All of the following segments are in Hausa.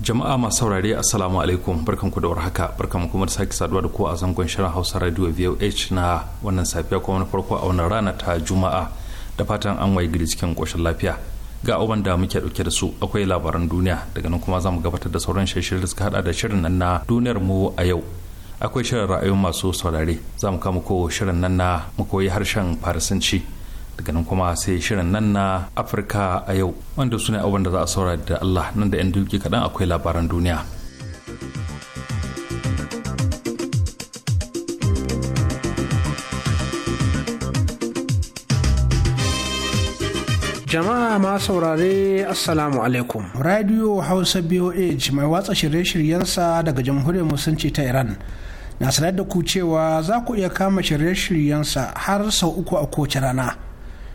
jama'a masu saurare assalamu alaikum barkanku da warhaka barkanku kuma da sake saduwa da ku a zangon shirin hausa radio voh na wannan safiya kuma na farko a wannan rana ta juma'a da fatan an waye gidi cikin koshin lafiya ga abubuwan da muke dauke da su akwai labaran duniya daga nan kuma za mu gabatar da sauran shirin da suka hada da shirin nan na duniyar mu a yau akwai shirin ra'ayoyin masu saurare za mu kama ko shirin nan na mu koyi harshen farisanci daga nan kuma sai shirin nan na afirka a yau wanda su ne abin da za a saura da allah nan da 'yan duki kaɗan akwai labaran duniya jama'a ma saurare assalamu alaikum radio hausa boh mai watsa shirye-shiryensa daga jamhuriyar musulunci ta iran na sanar da ku cewa za ku iya kama shirye-shiryensa har sau uku a kowace rana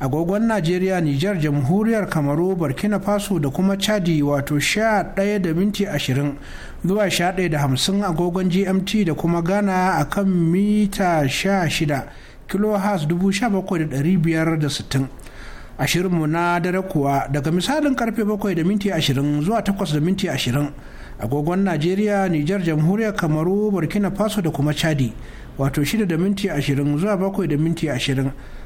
agogon najeriya niger jamhuriyar kamaru burkina faso da kuma chadi wato ɗaya da minti ashirin zuwa ɗaya da hamsin agogon gmt da kuma ghana a kan mita shida kilohas 17,560 ashirinmu na dare kuwa daga misalin karfe bakwai da minti ashirin zuwa takwas da minti ashirin agogon najeriya niger jamhuriyar kamaru burkina faso da kuma chadi wato shida da minti ashirin zuwa bakwai da minti ashirin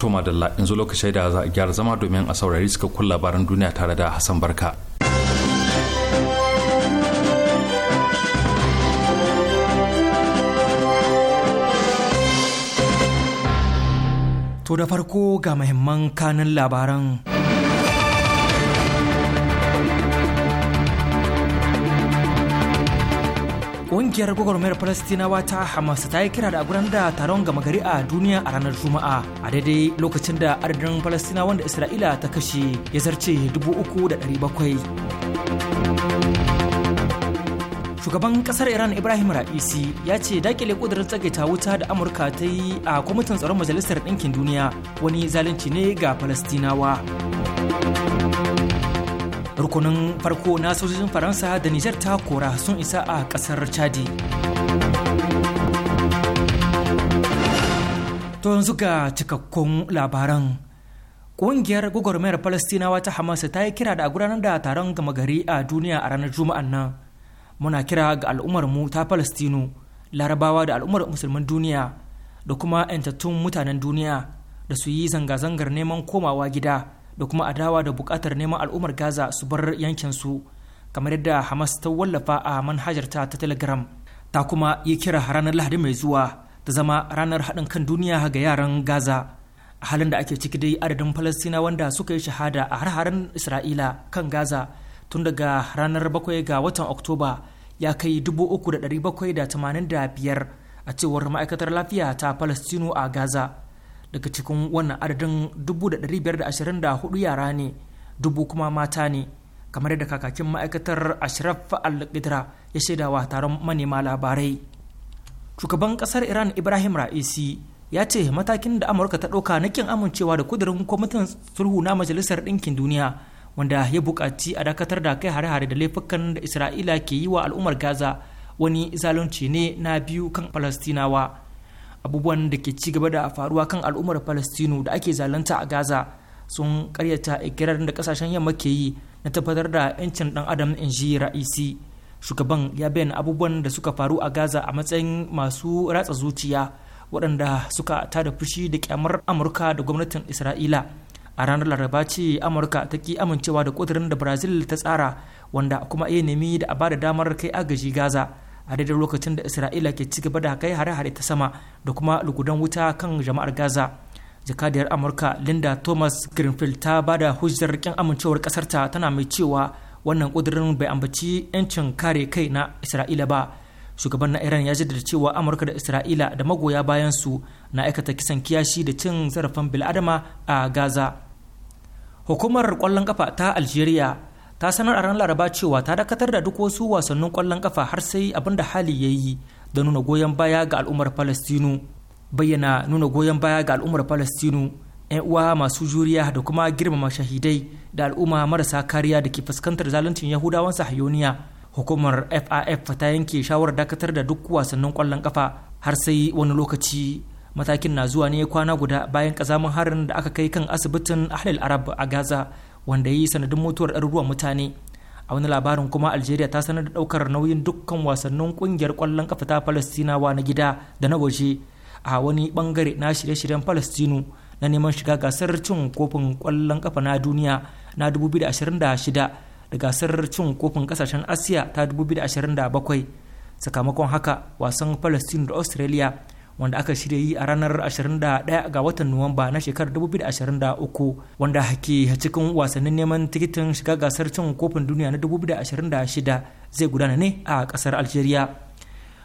To madalla zo lokacin da za a gyara zama domin a saurari suka kun labaran duniya tare da Hassan Barka. To da farko ga mahimman kanin labaran. Ƙungiyar gwagwarmayar Falastinawa ta Hamas ta yi kira da a da taron gama gari a duniya a ranar Juma'a a daidai lokacin da adadin Falastinawa da Isra'ila ta kashe ya zarce dubu uku da ɗari bakwai. Shugaban ƙasar Iran Ibrahim Ra'isi ya ce dakile ƙudurin tsagaita wuta da Amurka ta yi a kwamitin tsaron Majalisar Ɗinkin Duniya wani zalunci ne ga Falastinawa. rukunin farko na sojojin faransa da nijar ta kora sun isa a kasar chadi to yanzu ga cikakkun labaran ƙungiyar gwagwarmayar palestinawa ta hamas ta yi kira da gudanar da taron gama gari a duniya a ranar juma'an nan muna kira ga al'ummar mu ta falastinu larabawa da al'ummar musulman duniya da kuma 'yantattun mutanen duniya da su yi zanga-zangar neman komawa gida da kuma adawa da bukatar neman al'ummar gaza su bar yankinsu kamar yadda hamas ta wallafa a manhajarta ta telegram ta kuma yi kira ranar lahadi mai zuwa ta zama ranar haɗin kan duniya ga yaran gaza a halin da ake ciki dai adadin falastina wanda suka yi shahada a har-haren isra'ila kan gaza tun daga ranar bakwai ga watan oktoba ya kai da da da bakwai tamanin biyar a cewar ma'aikatar lafiya ta palestino a gaza daga cikin wannan adadin 524 yara ne dubu kuma mata ne kamar yadda kakakin ma'aikatar ashraf al ya shaidawa taron manema labarai shugaban kasar iran ibrahim ra'isi ya ce matakin da amurka ta ɗauka na kin amincewa da kudurin kwamitin sulhu na majalisar ɗinkin duniya wanda ya buƙaci a dakatar da kai hare-hare da laifukan da isra'ila ke yi wa al'ummar gaza wani zalunci ne na biyu kan falastinawa abubuwan da ke ci gaba da faruwa kan al'ummar palestinu da ake zalunta a gaza sun karyata ikirarin da kasashen yamma ke yi na tabbatar da 'yancin dan adam in ji ra'isi shugaban ya bayyana abubuwan da suka faru a gaza a matsayin masu ratsa zuciya waɗanda suka tada fushi da kyamar amurka da gwamnatin isra'ila a ranar laraba ce amurka ta ki amincewa da ƙudurin da brazil ta tsara wanda kuma iya nemi da a bada damar kai agaji gaza a daidai lokacin da isra'ila ke cigaba da kai hare-hare ta sama da kuma lugudan wuta kan jama'ar gaza jakadiyar amurka linda thomas greenfield ta ba da hujjar kin amincewar kasarta tana mai cewa wannan kudirin bai ambaci 'yancin kare kai na isra'ila ba shugaban na iran ya jaddada cewa amurka da isra'ila da magoya bayan su na aikata kisan kiyashi da cin zarafin bil'adama a gaza hukumar kwallon kafa ta algeria ta sanar a ran laraba cewa ta dakatar da duk wasu wasannin kwallon kafa har sai abin da hali ya yi da nuna goyon baya ga al'ummar palestinu bayyana nuna goyon baya ga al'ummar palestinu 'yan uwa masu juriya da kuma girmama shahidai da al'umma marasa kariya da ke fuskantar zaluncin yahudawan sahiyoniya hukumar FAF ta yanke shawarar dakatar da duk wasannin kwallon kafa har sai wani lokaci matakin na zuwa ne kwana guda bayan kazamin harin da aka kai kan asibitin ahlil Arab a Gaza wanda yi sanadin mutuwar ɗaruruwan mutane a wani labarin kuma algeria ta sanar da ɗaukar nauyin dukkan wasannin ƙungiyar kwallon kafa ta palestinawa na gida da na waje a wani bangare na shirye-shiryen palestinu na neman shiga gasar cin kofin ƙwallon kafa na duniya na 2026 da gasar cin kofin ƙasashen asiya ta 2027 sakamakon haka wasan palestinu da australia wanda aka shirya yi a ranar 21 ga watan Nuwamba na shekarar 2023 wanda ke cikin wasannin neman tikitin shiga gasar cin kofin duniya na 2026 zai gudana ne a kasar Algeria.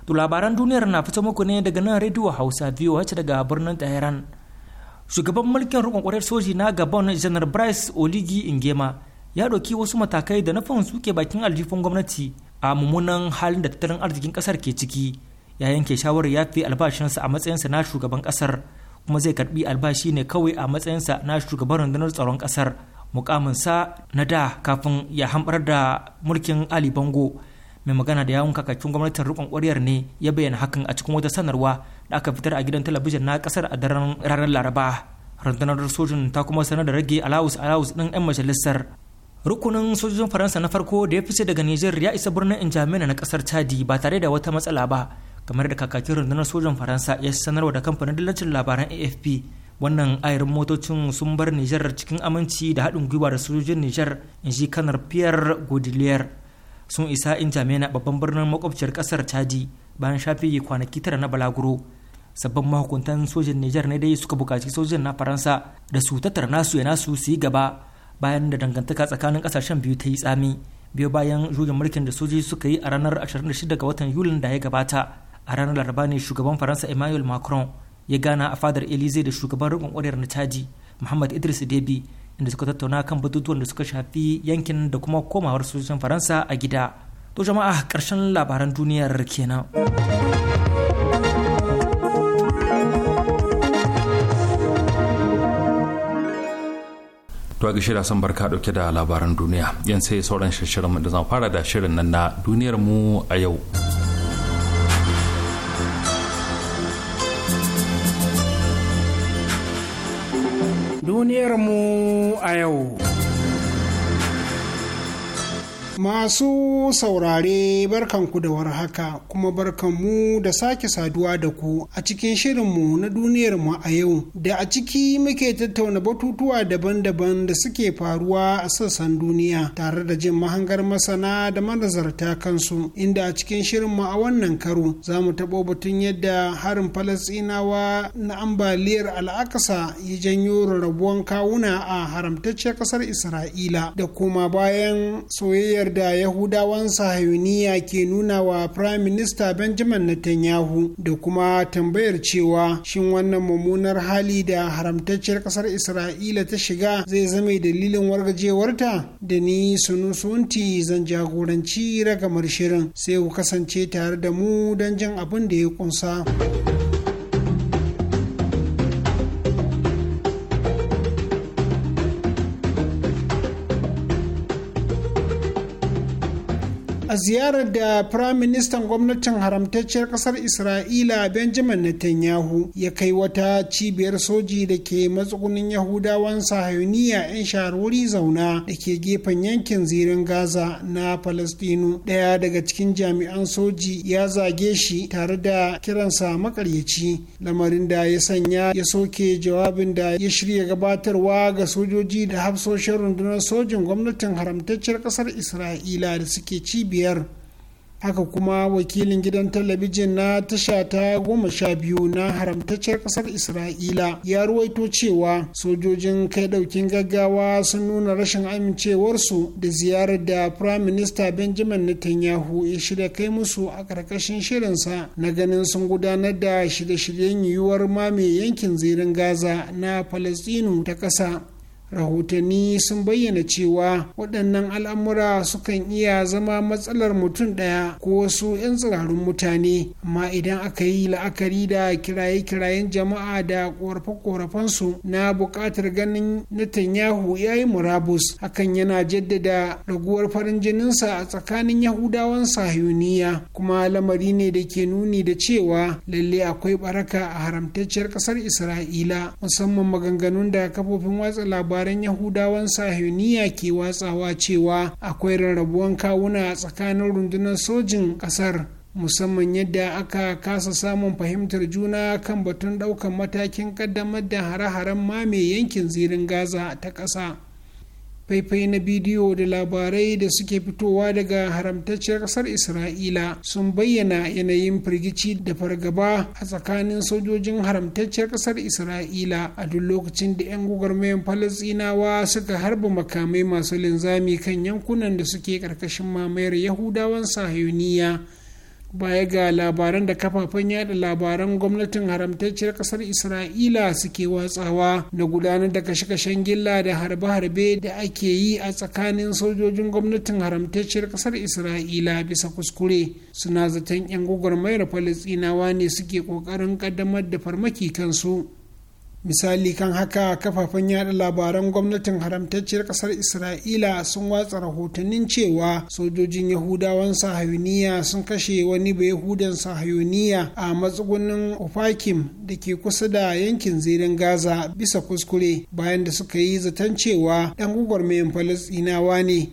To labaran duniyar na fito muku ne daga nan rediyo Hausa VOH daga birnin Tehran. Shugaban mulkin rukun kwarar soji na Gabon Janar Bryce Oligi Ingema ya ɗauki wasu matakai da nufin suke bakin aljifin gwamnati a mummunan halin da tattalin arzikin ƙasar ke ciki. ya yanke shawarar ya fi albashinsa a matsayinsa na shugaban kasar kuma zai karbi albashi ne kawai a matsayinsa na shugaban rundunar tsaron kasar mukaminsa na da kafin ya hambar da mulkin ali bango mai magana da yawun kakakin gwamnatin rikon kwariyar ne ya bayyana hakan a cikin wata sanarwa da aka fitar a gidan talabijin na kasar a daren ranar laraba rundunar sojin ta kuma sanar da rage alawus alawus din 'yan majalisar rukunin sojojin faransa na farko da ya fice daga niger ya isa birnin injamina na kasar chadi ba tare da wata matsala ba kamar da kakakin rundunar sojan faransa ya sanarwa da kamfanin dillacin labaran afp wannan ayarin motocin sun bar nijar cikin aminci da haɗin gwiwa da sojojin nijar in ji kanar pierre godelier sun isa in injamena babban birnin makwabciyar kasar chadi bayan shafi kwanaki tara na balaguro sabbin mahukuntan sojin nijar ne dai suka buƙaci sojin na faransa da su tattara nasu ya nasu su yi gaba bayan da dangantaka tsakanin ƙasashen biyu ta yi tsami biyo bayan juyin mulkin da sojoji suka yi a ranar 26 ga watan yulin da ya gabata a ranar laraba ne shugaban faransa emmanuel macron ya gana a fadar elize da shugaban rikon ƙwarewar na chadi muhammad idris debi inda suka tattauna kan batutuwan da suka shafi yankin da kuma komawar sojojin faransa a gida to jama'a karshen labaran duniyar kenan to ga shirya son barka dauke da labaran duniya yan sai sauran shirin da zan fara da shirin nan na duniyar mu a yau duniyarmu a yau. Masu saurare barkanku da warhaka kuma barkanmu da sake saduwa da ku a cikin shirinmu na duniyarmu a yau da a ciki muke tattauna batutuwa daban-daban da suke faruwa a sassan duniya tare da jin mahangar masana da manazarta kansu inda a cikin shirinmu a wannan karo za mu taɓo batun yadda harin falasinawa na ambaliyar al'akasa ya janyo rarrabuwan kawuna a haramtacciyar ƙasar isra'ila da kuma bayan soyayyar soyayyar da yahudawan sahayuniya ke nuna wa prime minister benjamin netanyahu da kuma tambayar cewa shin wannan mummunar hali da haramtacciyar kasar isra'ila ta shiga zai zame dalilin wargajewarta da ni sunusunti zan jagoranci ragamar shirin sai ku kasance tare da mu don jin abin da ya kunsa. a ziyarar da firaministan gwamnatin haramtacciyar kasar isra'ila benjamin netanyahu ya kai wata cibiyar soji da ke matsugunin yahudawan sahayuniya 'yan shahararwuri zauna da ke gefen yankin zirin gaza na palestinu daya daga cikin jami'an soji ya zage shi tare da kiransa makaryaci lamarin da ya sanya ya soke jawabin da ya shirya gabatarwa ga sojoji da hafsoshin rundunar sojin gwamnatin haramtacciyar kasar isra'ila da suke cibiyar biyar haka kuma wakilin gidan talabijin na tasha ta goma sha biyu na haramtaccen kasar isra'ila ya ruwaito cewa sojojin kai ɗaukin gaggawa sun nuna rashin amincewarsu da ziyarar da prime minister benjamin netanyahu ya shirya kai musu a ƙarƙashin shirinsa na ganin sun gudanar da shirye-shiryen yiwuwar mame yankin zirin gaza na palestinu ta ƙasa rahotanni sun bayyana cewa waɗannan al'amura sukan iya zama matsalar mutum ɗaya ko wasu 'yan tsirarun mutane amma idan aka yi la'akari da kiraye-kirayen jama'a da ƙorafe-ƙorafensu na buƙatar ganin Netanyahu ya yi murabus hakan yana jaddada raguwar farin jininsa a tsakanin Yahudawan sahiyuniya kuma lamari ne da ke nuni da cewa lalle akwai baraka a haramtacciyar ƙasar Isra'ila musamman maganganun da kafofin watsa labarai dakarun yahudawan sahiyoniya ke watsawa cewa akwai rarrabuwan kawuna a tsakanin rundunar sojin ƙasar musamman yadda aka kasa samun fahimtar juna kan batun ɗaukan matakin ƙaddamar da hare-haren mame yankin zirin gaza ta ƙasa faifai na bidiyo da labarai da suke fitowa daga haramtacciyar ƙasar isra'ila sun bayyana yanayin firgici da fargaba a tsakanin sojojin haramtacciyar ƙasar isra'ila a duk lokacin da 'yan gwagwarmayan falasinawa suka harba makamai masu linzami kan yankunan da suke ƙarƙashin mamayar yahudawan sahiyoniya baya ga labaran da kafafen yada labaran gwamnatin haramtacciyar kasar isra'ila suke watsawa na gudanar da kashe-kashen gilla da harbe-harbe da ake yi a tsakanin sojojin gwamnatin haramtacciyar kasar isra'ila bisa kuskure suna zaton 'yan gwagwarmayar falisinawa ne suke kokarin kaddamar da farmaki kansu misali kan haka kafafen yada labaran gwamnatin haramtacciyar kasar isra'ila sun watsa rahotannin cewa sojojin yahudawan sahayuniya sun kashe wani bayahudan sahayuniya a matsugunin ofakim da ke kusa da yankin zirin gaza bisa kuskure bayan da suka yi zaton cewa dan gwagwarmayin falasɗinawa ne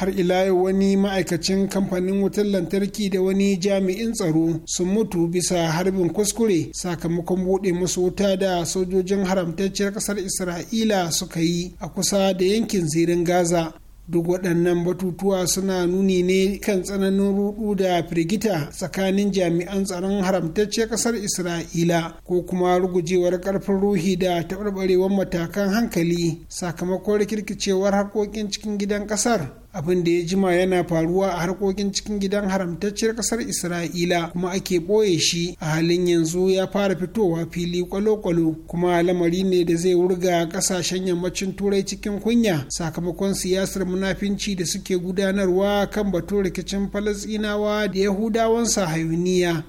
har ila yau wani ma'aikacin kamfanin wutar lantarki da wani jami'in tsaro sun mutu bisa harbin kuskure sakamakon buɗe musu wuta da sojojin haramtacciyar ƙasar isra'ila suka yi a kusa da yankin zirin gaza duk waɗannan batutuwa suna nuni ne kan tsananin rudu da firgita tsakanin jami'an tsaron haramtacciyar ƙasar isra'ila ko kuma rugujewar ƙarfin ruhi da taɓarɓarewar matakan hankali sakamakon rikirkicewar harkokin cikin gidan ƙasar abin da ya jima yana faruwa a harkokin cikin gidan haramtacciyar kasar isra'ila kuma ake ɓoye shi a halin yanzu ya fara fitowa fili kwalo-kwalo kuma lamari ne da zai wurga kasashen yammacin turai cikin kunya sakamakon siyasar munafinci da suke gudanarwa kan batun rikicin falasinawa da yahudawan sahayuniya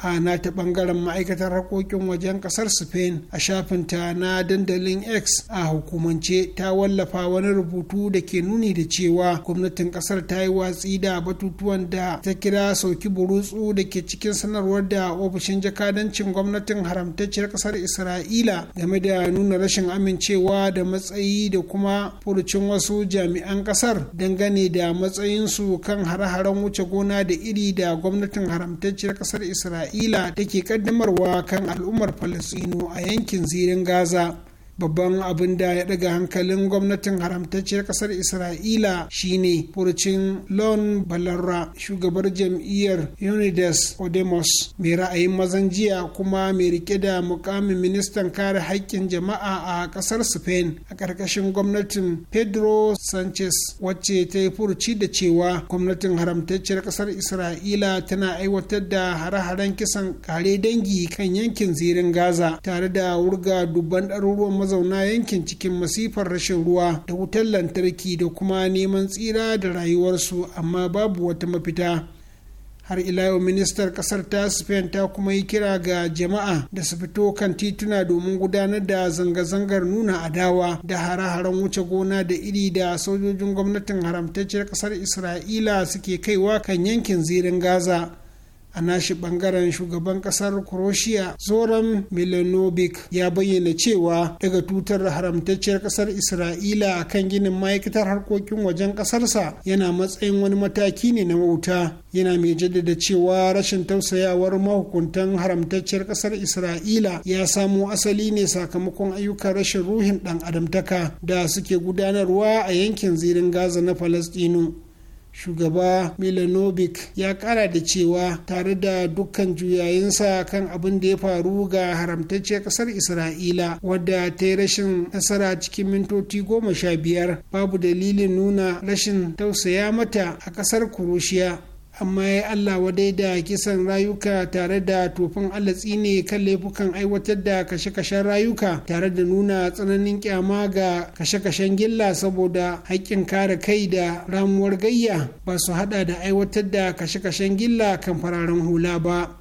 a nata bangaren ma'aikatar harkokin wajen kasar spain a shafin ta na dandalin x a hukumance ta wallafa wani rubutu da ke nuni da cewa gwamnatin kasar ta yi watsi da batutuwan da ta kira sauki burutsu da ke cikin sanarwar da ofishin jakadancin gwamnatin haramtacciyar kasar isra'ila game da nuna rashin amincewa da matsayi da kuma furucin wasu jami'an kasar dangane da matsayinsu kan hare-haren wuce gona da iri da gwamnatin haramtacciyar kasar isra'ila isra'ila take kaddamarwa kan al'ummar falasino a yankin zirin gaza babban abin da ya daga hankalin gwamnatin haramtacciyar kasar isra'ila shine furucin lon balarra shugabar jam'iyyar Unidas odemos mai ra'ayin mazan jiya kuma mai rike da mukamin ministan kare haƙƙin jama'a a kasar spain a ƙarƙashin gwamnatin pedro sanchez wacce ta yi furuci da cewa gwamnatin haramtacciyar kasar isra'ila tana aiwatar da hare-haren kisan kare dangi kan yankin zirin gaza tare da wurga dubban ɗaruruwan mazauna yankin cikin masifar rashin ruwa da wutar lantarki da kuma neman tsira da rayuwarsu amma babu wata mafita har ila yau ministar kasar ta spain ta kuma yi kira ga jama'a da su fito kan tituna domin gudanar da zanga-zangar nuna adawa da hare-haren wuce gona da iri da sojojin gwamnatin haramtacciyar kasar isra'ila suke kaiwa kan yankin zirin gaza a nashi bangaren shugaban kasar croatia zoran milanovic ya bayyana cewa daga tutar haramtacciyar kasar isra'ila a kan ginin ma'aikatar harkokin wajen kasarsa yana matsayin wani mataki ne na wauta yana mai jaddada cewa rashin tausayawar mahukuntan haramtacciyar kasar isra'ila ya samo asali ne sakamakon ayyukan rashin ruhin dan adamtaka da suke gudanarwa a yankin zirin gaza na falastinu shugaba milanovic ya kara da cewa tare da dukkan juyayensa kan abin da ya faru ga haramtacciyar kasar isra'ila wadda ta yi rashin nasara cikin mintoci goma sha biyar babu dalilin nuna rashin tausaya mata a kasar kurushiya. amma ya Allah wadai da kisan rayuka tare da tofin alatsi tsine kan laifukan aiwatar da kashe-kashen rayuka tare da nuna tsananin kyama ga kashe-kashen gilla saboda haƙƙin kare kai da ramuwar gayya ba su hada da aiwatar da kashe-kashen gilla kan fararen hula ba.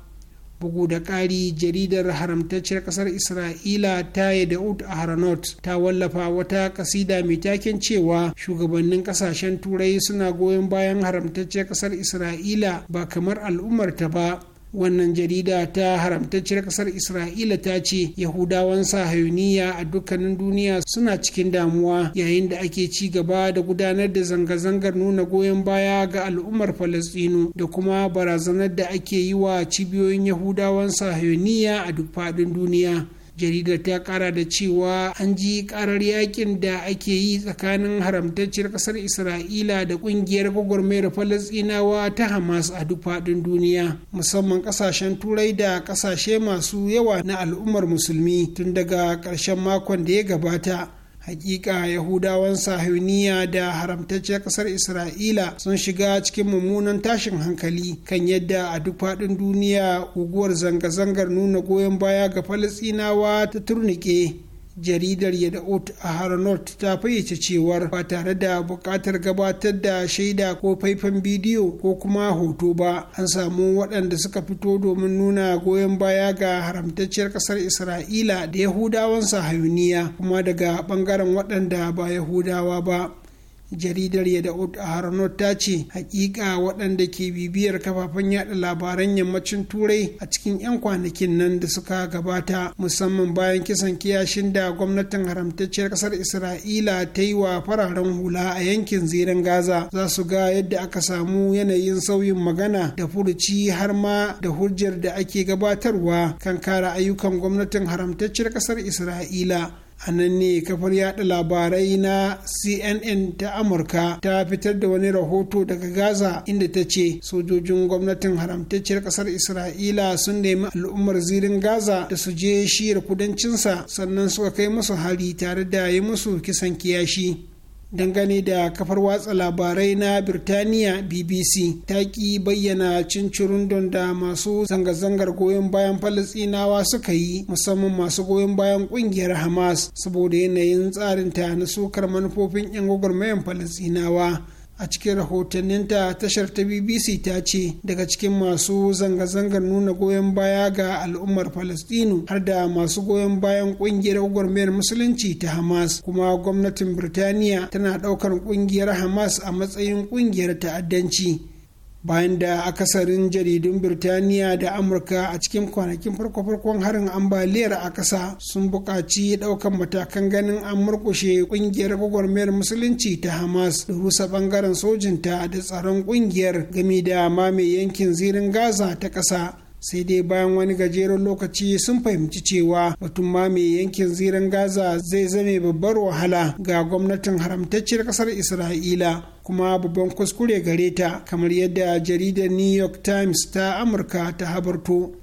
bugu da ƙari jaridar haramtacciyar ƙasar isra'ila ta a ahranot ta wallafa wata ƙasida mai taken cewa shugabannin ƙasashen turai suna goyon bayan haramtacciyar ƙasar isra'ila ba kamar al'ummarta ba wannan jarida ta haramtacciyar ƙasar isra'ila ta ce yahudawan sahayuniya a dukkanin duniya suna cikin damuwa yayin da ake ci gaba da gudanar da zanga-zangar nuna goyon baya ga al'ummar falastinu da kuma barazanar da ake yi wa cibiyoyin yahudawan sahayuniya a duk faɗin duniya jaridar ta kara da cewa an ji karar yakin da ake yi tsakanin haramtacciyar kasar isra'ila da kungiyar gwagwarmayar falasinawa ta hamas a duk faɗin duniya musamman ƙasashen turai da ƙasashe masu yawa na al'ummar musulmi tun daga ƙarshen makon da ya gabata hakika yahudawan sahuniya da haramtacciyar kasar isra'ila sun shiga cikin mummunan tashin hankali kan yadda a duk faɗin duniya guguwar zanga-zangar nuna goyon baya ga falasinawa ta turnike jaridar yada'ut a haranot ta fayyace cewar ba tare da buƙatar gabatar da shaida ko faifan bidiyo ko kuma hoto ba an samu waɗanda suka fito domin nuna goyon baya ga haramtacciyar ƙasar isra'ila da yahudawan sahayuniya kuma daga bangaren waɗanda ba yahudawa ba jaridar yadda'ud harano ta ce hakika waɗanda ke bibiyar kafafen yada labaran yammacin turai a cikin 'yan kwanakin nan da suka gabata musamman bayan kisan kiyashin da gwamnatin haramtacciyar ƙasar isra'ila ta yi wa fararen hula a yankin zirin gaza za su ga yadda aka samu yanayin sauyin magana da furuci har ma da hujjar da ake gabatarwa kan kara ayyukan gwamnatin haramtacciyar ƙasar isra'ila a nan ne kafar yada labarai na cnn ta amurka ta fitar da wani rahoto daga gaza inda ta ce sojojin gwamnatin haramtacciyar kasar isra'ila sun nemi al'ummar zirin gaza da su je shiyar kudancinsa sannan suka kai musu hari tare da yi musu kisan kiyashi dangane da kafar watsa labarai na birtaniya bbc ta ki bayyana don da masu zanga-zangar goyon bayan falasinawa suka yi musamman masu goyon bayan kungiyar hamas saboda yanayin tsarinta na sukar manufofin 'yan gwagwarmayan falasinawa a cikin rahotanninta tashar ta bbc ta ce daga cikin masu zanga-zangar nuna goyon baya ga al'ummar palestinu har da masu goyon bayan kungiyar gwamnatin musulunci ta hamas kuma gwamnatin birtaniya tana daukar kungiyar hamas a matsayin kungiyar ta'addanci bayan da akasarin jaridun birtaniya da amurka a cikin kwanakin farko-farkon harin ambaliyar a ƙasa sun buƙaci ɗaukan matakan ganin an murƙushe ƙungiyar gwagwarmayar musulunci ta hamas da rusa ɓangaren sojinta da tsaron ƙungiyar game da mame yankin zirin gaza ta ƙasa sai dai bayan wani gajeren lokaci sun fahimci cewa batun mai yankin ziran gaza zai zame babbar wahala ga gwamnatin haramtacciyar kasar isra'ila kuma babban kuskure gare ta kamar yadda jaridar new york times ta amurka ta habarto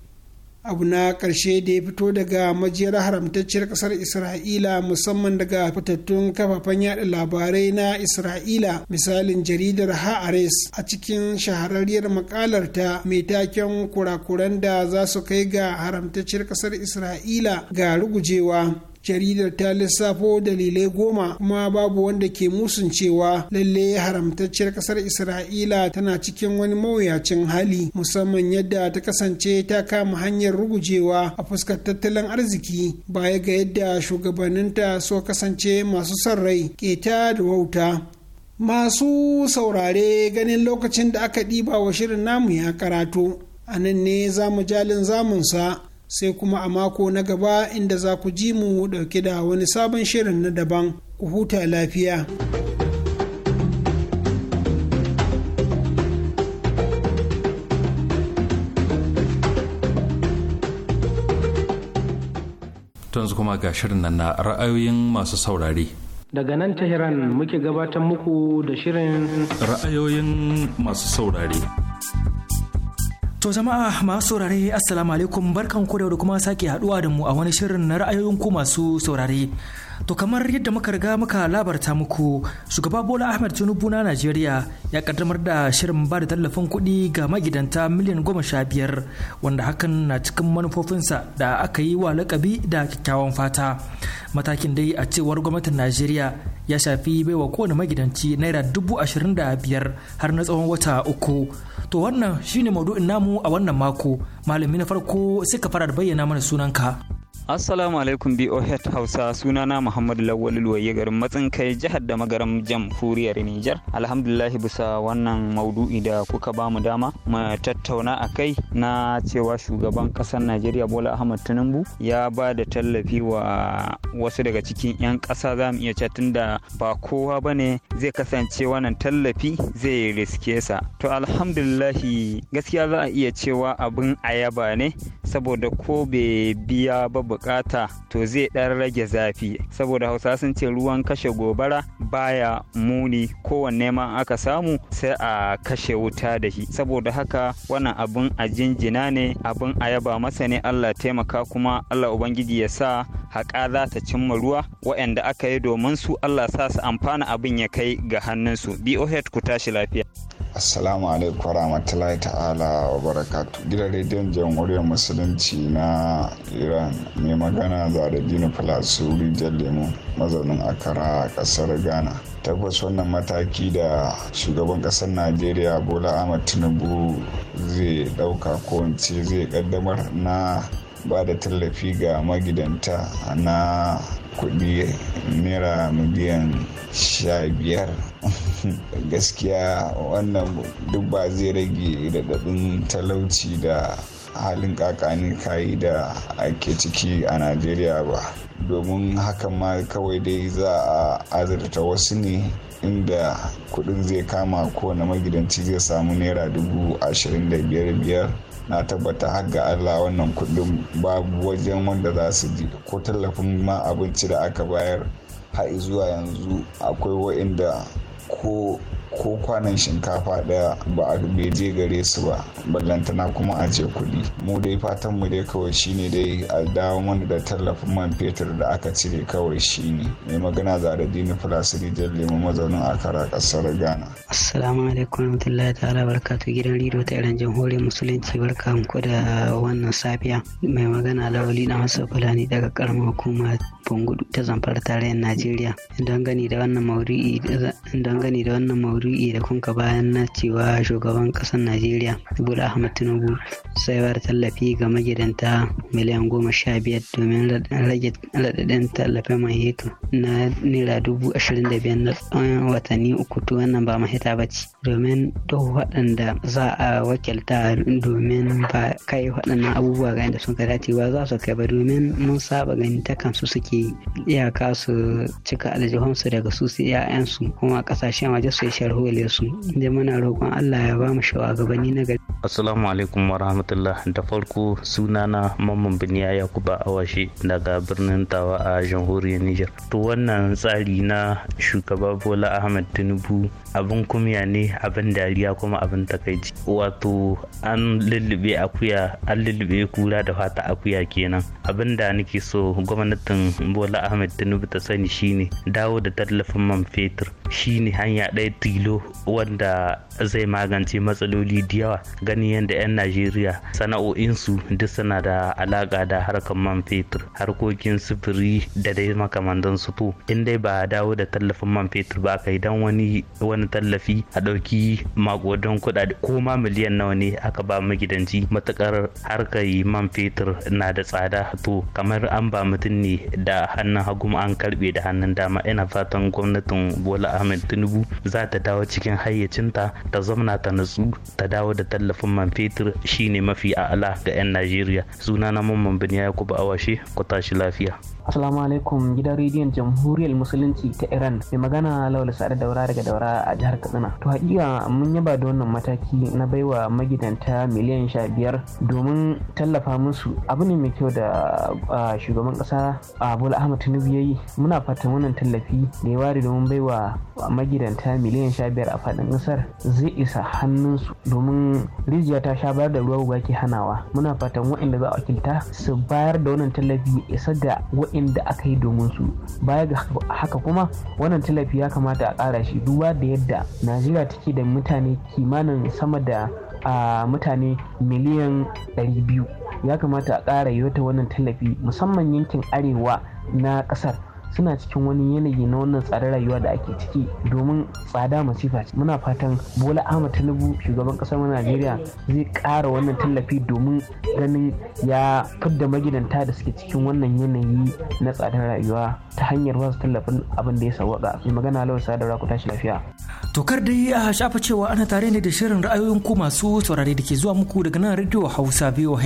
abu na ƙarshe da ya fito daga majiyar haramtacciyar ƙasar isra'ila musamman daga fitattun kafafen yada labarai na isra'ila misalin jaridar ha'ares a cikin shahararriyar makalarta mai taken kurakuran da za su kai ga haramtacciyar ƙasar isra'ila ga rugujewa jaridar ta lissafo dalilai goma kuma babu wanda ke musun cewa lalle haramtacciyar kasar isra'ila tana cikin wani mawuyacin hali musamman yadda ta kasance ta kama hanyar rugujewa a fuskar tattalin arziki baya ga yadda shugabanninta so kasance masu son rai keta da wauta masu saurare ganin lokacin da aka ɗiba wa shirin namu ya karatu a nan ne zamu jalin zamunsa sai kuma a mako na gaba inda za ku ji mu dauke da wani sabon shirin na daban ku huta lafiya. yanzu kuma ga shirin nan na ra'ayoyin masu saurare. Daga nan Tehran muke gabatar muku da shirin ra'ayoyin masu saurare. To jama'a masu saurare assalamu alaikum barkan ku da kuma sake haduwa da mu a wani shirin na ra'ayoyin ku masu saurare. To kamar yadda muka riga muka labarta muku shugaba Bola Ahmed Tinubu na Najeriya ya kaddamar da shirin ba da tallafin kuɗi ga magidanta miliyan goma sha biyar wanda hakan na cikin manufofinsa da aka yi wa lakabi da kyakkyawan fata. Matakin dai a cewar gwamnatin Najeriya ya shafi baiwa kowane magidanci naira dubu ashirin da biyar har na tsawon wata uku. To wannan shine maudu'in namu a wannan mako malami na farko sai ka fara da bayyana mana sunanka. Assalamu alaikum BOHET Hausa sunana Muhammadu Lawal Luwaye garin matsin kai jihar da magaram jamhuriyar Nijar. Alhamdulillah bisa wannan maudu'i da kuka ba mu dama mu tattauna a kai na cewa shugaban ƙasar Najeriya Bola Ahmad Tinubu ya ba da tallafi wa wasu daga cikin 'yan ƙasa za mu iya cewa da ba kowa ba ne zai kasance wannan tallafi zai riske sa. To alhamdulillah gaskiya za a iya cewa abin ayaba ne saboda ko bai biya ba bukata to zai ɗan rage zafi saboda hausa sun ce ruwan kashe gobara baya muni kowanne ma aka samu sai a kashe wuta da shi saboda haka wannan abin a jinjina ne abin a yaba masa ne allah taimaka kuma allah ubangiji ya sa haƙa za ta cimma ruwa waɗanda aka yi domin su allah sa su amfana abin ya kai ga hannunsu boh ku tashi lafiya assalamu alaikum warahmatullahi ta'ala wa barakatu gidan rediyon jamhuriyar musulunci na iran mai magana da zaradini rijiyar lemu mazaunin akara a kasar ghana tabbas wannan mataki da shugaban kasar najeriya bola ahmad tinubu zai dauka ko zai kaddamar na ba da tallafi ga magidanta na kuɗi naira miliyan sha biyar gaskiya wannan duk ba zai rage daɗaɗin talauci da halin kakani kayi da ake ciki a najeriya ba domin haka ma kawai dai za a azurta wasu ne inda kudin zai kama kowane magidanci zai samu naira dubu ashirin da biyar biyar na tabbata har ga allah wannan kudin babu wajen wanda za su ji ko tallafin ma abinci da aka bayar har zuwa yanzu akwai wa'inda ko ko kwanan shinkafa daya ba a je gare su ba ballantana kuma a ce kuɗi mu dai fatan mu dai kawai shine dai a dawo mana da tallafin man fetur da aka cire kawai shine mai magana da dini filasiri lemu mazaunin akara kasar ghana assalamu alaikum warahmatullahi ta'ala barkatu gidan rido ta irin jamhuriyar musulunci barka ku da wannan safiya mai magana lawali na masu fulani daga karamar hukuma bungudu ta zamfara tarayyar najeriya don gani da wannan mauri maudu'i da kunka bayan na cewa shugaban ƙasar Najeriya Bola Ahmed Tinubu sai da tallafi ga magidanta miliyan goma sha biyar domin rage raɗaɗin tallafin maheto na naira dubu ashirin da biyar na tsawon watanni uku to wannan ba mahita ba ce domin duk waɗanda za a wakilta domin ba kai waɗannan abubuwa ga da sun ka cewa za su kai ba domin mun saba gani ta kansu suke iyaka su cika aljihunsu daga su su 'ya'yansu kuma ƙasashen waje su yi annahu waliyasu da muna roƙon Allah ya ba mu shugabanni na gari assalamu alaikum wa rahmatullah da farko sunana mamman biniya yakuba awashi daga birnin tawa a jamhuriyar niger to wannan tsari na shugaba bola ahmed tinubu abin kumya ne abin dariya kuma abin takaici wato an lullube akuya an lullube kura da fata akuya kenan abin da nake so gwamnatin bola ahmed tinubu ta sani shine dawo da tallafin man fetur shine hanya ɗaya tilo wanda zai magance matsaloli da yawa ganin yadda 'yan najeriya sana'o'insu duk suna da alaƙa da harkar man fetur harkokin sufuri da dai makamantan su to in dai ba dawo da tallafin man fetur ba kai don wani wani wani tallafi a ɗauki makodan kuɗaɗe ko ma miliyan nawa ne aka ba mu magidanci matuƙar harkar man fetur na da tsada to kamar an ba mutum ne da hannun hagu an karɓe da hannun dama ina fatan gwamnatin bola ahmed tinubu za ta dawo cikin hayyacinta ta zamana ta natsu ta dawo da tallafin man fetur shine mafi a'ala ga 'yan najeriya suna na mamman biniya ba'a awashe ku tashi lafiya Assalamu alaikum gidan rediyon Jamhuriyar Musulunci ta Iran mai magana Lawal Sa'ad Daura daga Daura a jihar Katsina. To haƙiƙa mun yaba da wannan mataki na baiwa magidanta miliyan sha biyar domin tallafa musu abu ne mai kyau da shugaban kasa Bola Ahmad Tinubu yayi muna fatan wannan tallafi da ya ware domin baiwa magidanta miliyan sha biyar a faɗin ƙasar zai isa hannunsu domin rijiya ta sha bayar da ruwa ke hanawa muna fatan waɗanda za a wakilta su bayar da wannan tallafi isa ga inda aka yi domin su baya ga haka kuma wannan tallafi ya kamata a ƙara shi duba da yadda najeriya take da mutane kimanin sama da a mutane miliyan 200 ya kamata a ƙara yi wata wannan tallafi musamman yankin arewa na ƙasar suna cikin wani yanayi na wannan tsadar rayuwa da ake ciki domin tsada masifa ce muna fatan bola ahmad tinubu shugaban kasar najeriya zai kara wannan tallafi domin ganin ya fidda magidanta da suke cikin wannan yanayi na tsadar rayuwa ta hanyar wasu tallafin abin da ya sauwaka mai magana lawar sadarwa ku tashi lafiya tokar yi a shafa cewa ana tare ne da shirin ra'ayoyin ku masu saurare da ke zuwa muku daga nan radio hausa voh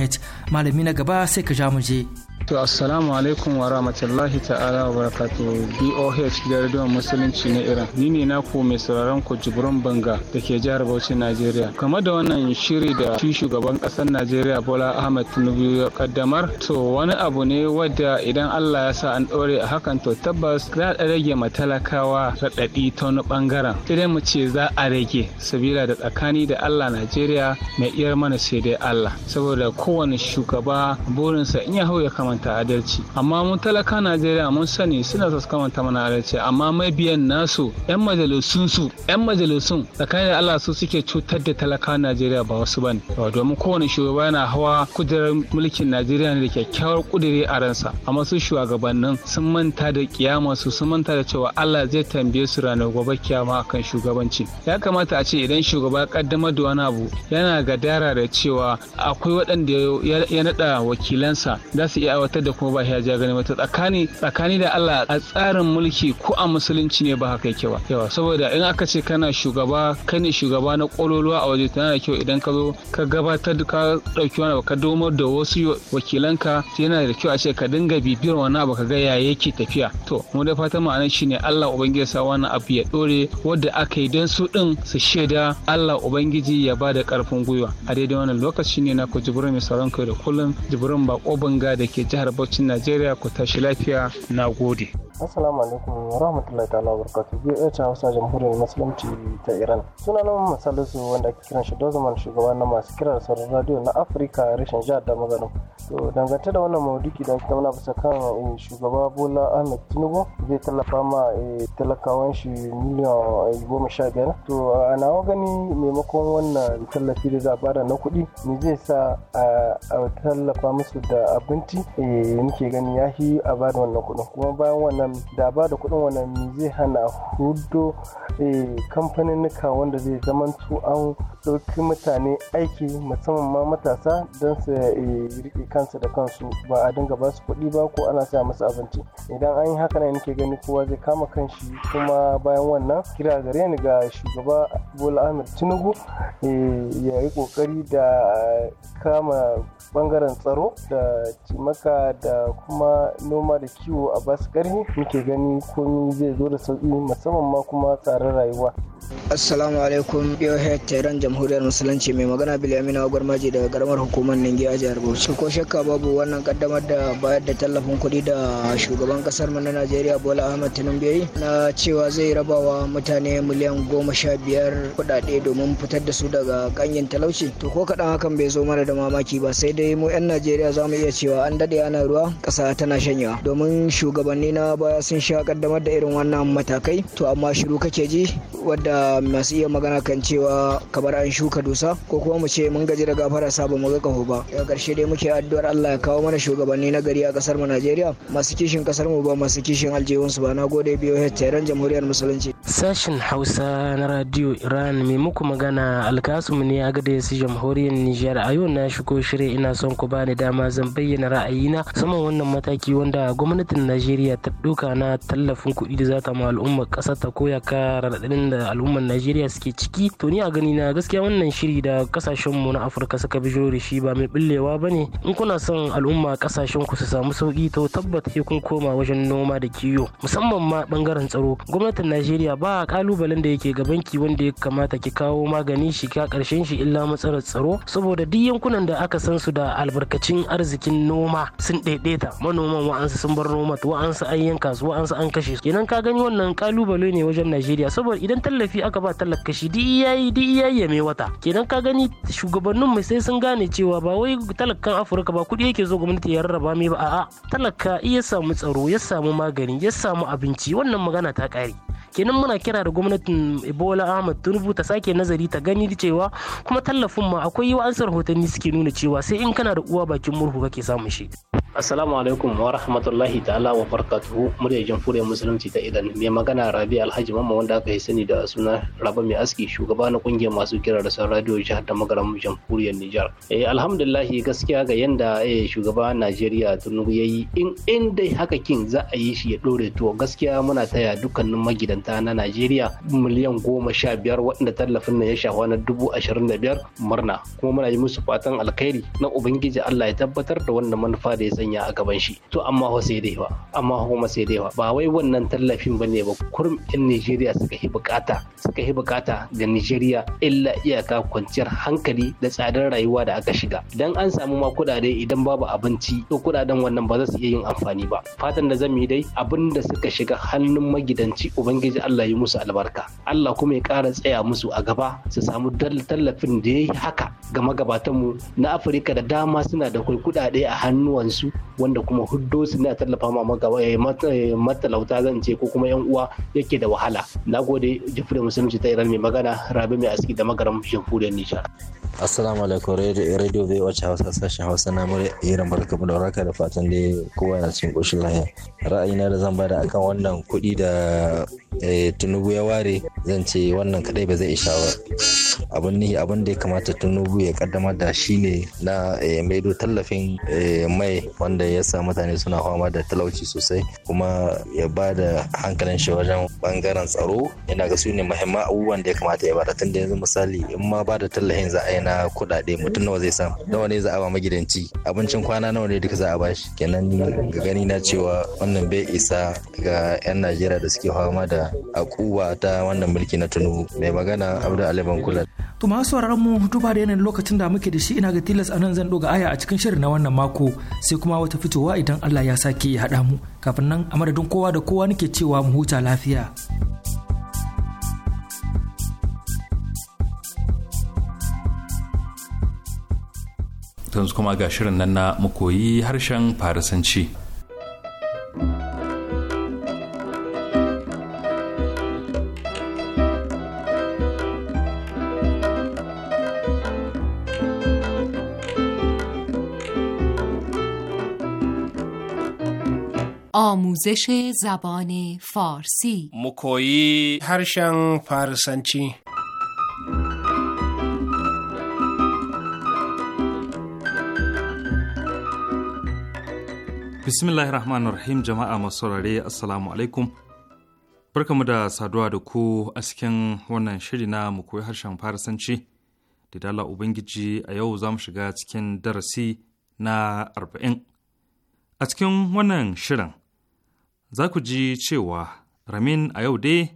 malami na gaba sai ka ja mu je. To assalamu alaikum wa rahmatullahi ta'ala wa barakatu BOH da musulunci na Iran. Ni ne naku mai sauraron ku Jibrin Banga da ke jihar Bauchi Najeriya. Kama da wannan shiri da shi shugaban kasar Najeriya Bola Ahmed Tinubu ya kaddamar to wani abu ne wadda idan Allah ya sa an dore a hakan to tabbas za a rage matalakawa raɗaɗi ta wani bangaren. Idan mu ce za a rage sabila da tsakani da Allah Najeriya mai iyar mana sai dai Allah. Saboda kowane shugaba burinsa in ya hau ya kama saskamanta adalci amma mun talaka najeriya mun sani suna saskamanta mana adalci amma mabiyan nasu yan majalisun su yan majalisun tsakanin allah su suke cutar da talaka najeriya ba wasu ba ne wa domin kowane shugaba yana hawa kujerar mulkin najeriya ne da kyakkyawar kudiri a ransa amma su shugabannin sun manta da kiyama su sun manta da cewa allah zai tambaye su ranar gobe kiyama akan shugabanci ya kamata a ce idan shugaba kaddamar da wani abu yana gadara da cewa akwai waɗanda ya naɗa wakilansa za su iya aiwatar da kuma ba shi ya gani mata tsakani tsakani da Allah a tsarin mulki ko a musulunci ne ba haka yake ba yawa saboda in aka ce kana shugaba ka shugaba na kololuwa a waje tana da kyau idan ka zo ka gabatar ka dauki wani ka domar da wasu wakilanka yana da kyau a ce ka dinga bibiyar wani abu ka ga ya yake tafiya to mu da fatan shi shine Allah ubangiji sa wannan abu ya dore wanda aka yi don su din su shaida Allah ubangiji ya ba da karfin gwiwa a daidai wannan lokaci ne na ku jibrin mai sauran kai da kullum jibrin ba banga da ke jihar Bauchi Najeriya ku tashi lafiya na gode. Assalamu alaikum wa rahmatullahi ta'ala wa barakatu. Hausa Jamhuriyar Musulunci ta Iran. Suna nan Masalisu wanda ake kiran shi dozman shugaban na masu kiran sauran radio na Afirka rashin jihar da magana. To dangance da wannan mawuduki da ta mana bisa kan eh, shugaba Bola Ahmed Tinubu zai tallafa ma eh, talakawan shi miliyan eh, goma sha biyar. To a nawa gani maimakon wannan tallafi da za a bada na kuɗi ne zai sa a tallafa musu da abinci nake gani ya fi a ba da wannan kuɗin kuma bayan wannan da ba da kuɗin wannan mi zai hana hudo eh, kamfaninnika wanda zai zamanto an ɗauki mutane aiki musamman ma matasa don su eh, riƙe kansu da kansu ba a dinga ba su kuɗi ba ko ana sa masu abinci idan an yi haka ne nake gani kowa zai kama kan shi kuma bayan wannan kira gare ni ga shugaba bola ahmed tinubu eh, ya yi ƙoƙari da kama bangaren tsaro da haka da kuma noma da kiwo a basgari muke gani komi zai zo da sauki musamman ma kuma tsarin rayuwa assalamu alaikum biyo tehran jamhuriyar musulunci mai magana a gwarmaji daga garamar hukumar ningi a jihar bauchi ko shakka babu wannan kaddamar da bayar da tallafin kuɗi da shugaban kasar mu na najeriya bola ahmed tinubu yayi na cewa zai rabawa mutane miliyan goma sha biyar kuɗaɗe domin fitar da su daga ganyen talauci to ko kaɗan hakan bai zo mana da mamaki ba sai dai mu 'yan najeriya za mu iya cewa an daɗe ana ruwa ƙasa tana shanyewa domin shugabanni na baya sun sha kaddamar da irin wannan matakai to amma shiru kake ji wadda masu iya magana kan cewa kamar an shuka dusa ko kuma mu ce mun gaji daga fara saba mu ga kaho ba daga ƙarshe dai muke addu'ar Allah ya kawo mana shugabanni na gari a ƙasar mu Najeriya masu kishin ƙasar mu ba masu kishin aljihun su ba na gode biyo taron jamhuriyar musulunci sashin Hausa na radio Iran mai muku magana alkasumu ne a gada jamhuriyar Nijar a yau na shigo shirin ina son ku bani dama zan bayyana ra'ayi na saman wannan mataki wanda gwamnatin najeriya ta ɗauka na tallafin kuɗi da za ta ma al'ummar ƙasa ta koya ka raɗaɗin da al'ummar najeriya suke ciki to ni a gani na gaskiya wannan shiri da kasashen mu na afirka suka bijo da shi ba mai billewa ba ne in kuna son al'umma ƙasashen ku su samu sauƙi to tabbata sai kun koma wajen noma da kiwo musamman ma bangaren tsaro gwamnatin najeriya ba kalubalen da yake gabanki wanda ya kamata ki kawo magani shi ka ƙarshen shi illa matsalar tsaro saboda duk yankunan da aka san su da albarkacin arzikin noma sun ɗaiɗaita manoman wa'ansu sun bar noma wa'ansu an yanka su wa'ansu an kashe su kenan ka gani wannan kalubale ne wajen Najeriya saboda idan tallafi aka ba talaka shi di iyayi di iyayi ya mai wata kenan ka gani shugabannin mai sai sun gane cewa ba wai talakan Afirka ba kuɗi yake zo gwamnati ya rarraba mai ba a'a talaka iya samu tsaro ya samu magani ya samu abinci wannan magana ta ƙare kenan muna kira da gwamnatin Ebola Ahmad Tinubu ta sake nazari ta gani cewa kuma tallafin ma akwai wa'ansu rahotanni suke nuna cewa sai in kana da uwa bakin murhu kake samun shi. Assalamu alaikum wa rahmatullahi ta'ala wa barakatuhu muryar jamhuriyar musulunci ta idan. mai magana Rabi Alhaji Mamman wanda aka yi sani da suna Rabi mai aski shugaba na kungiyar masu kira da san radio jihar da magaram jamhuriyar Nijar. Eh alhamdulillahi gaskiya ga yanda eh shugaba Najeriya Tinubu yayi in in dai haka kin za a yi shi ya dore to gaskiya muna taya dukkanin magidanta na Najeriya miliyan goma sha biyar waɗanda tallafin nan ya shafa na dubu ashirin da biyar murna kuma muna yi musu fatan alkhairi na Ubangiji Allah ya tabbatar da wannan manufa da ya sanya a gaban shi to amma ho sai dai ba amma ho kuma sai dai ba ba wai wannan tallafin ba ne ba kurum in Najeriya suka yi bukata suka yi bukata ga Najeriya illa iyaka kwanciyar hankali da tsadar rayuwa da aka shiga dan an samu ma kuɗaɗe idan babu abinci to kuɗaɗen wannan ba za su iya yin amfani ba fatan da zan yi dai abin da suka shiga hannun magidanci ubangiji Allah ya musu albarka Allah kuma ya ƙara tsaya musu a gaba su samu tallafin da ya yi haka ga magabatanmu na Afirka da dama suna da kuɗaɗe a hannuwansu wanda kuma huddo su a tallafa ma eh, eh, matalauta zan ce ko kuma yan uwa yake da wahala na gode jifure musulunci ta iran mai magana rabi mai aski da magaram jamhuriyar nijar assalamu alaikum radio bai wacce hausa sashen hausa na mura irin barka da da fatan da kowa yana cikin koshin lahiya ra'ayina da zan bada akan wannan kuɗi da eh, tunubu ya ware zan ce wannan kadai ba zai isha ba abin ni abin da ya kamata tunubu ya kaddamar da shi ne na eh, maido tallafin eh, mai wanda ya sa mutane suna fama da talauci sosai kuma ya ba da hankalin shi wajen bangaren tsaro yana ga su ne muhimman abubuwan da ya kamata ya bada tun da yanzu misali in ma ba da tallafin za a yi na kuɗaɗe mutum nawa zai samu nawa ne za a ba magidanci abincin kwana nawa ne duka za a bashi kenan ga gani na cewa wannan bai isa ga 'yan najeriya da suke fama da akuwa ta wannan mulki na tunubu mai magana abdul ali bankula To masu sauraron mu duba da yanayin lokacin da muke da shi ina ga tilas a nan zan doga aya a cikin shirin na wannan mako sai kuma wata fitowa idan Allah ya sake ya haɗa mu kafin nan a madadin kowa da kowa nake cewa mu huta lafiya. yanzu kuma ga shirin nan na mukoyi harshen farisanci. آموزش زبان فارسی مکویی هرشن فارسنچی bismillahir rahmanir rahim jama'a masu saurare assalamu alaikum barkamu da saduwa da ku a cikin wannan shiri na mu koyi harshen farisanci da dala ubangiji a yau za mu shiga cikin darasi na arba'in a cikin wannan shirin za ku ji cewa Ramin a yau dai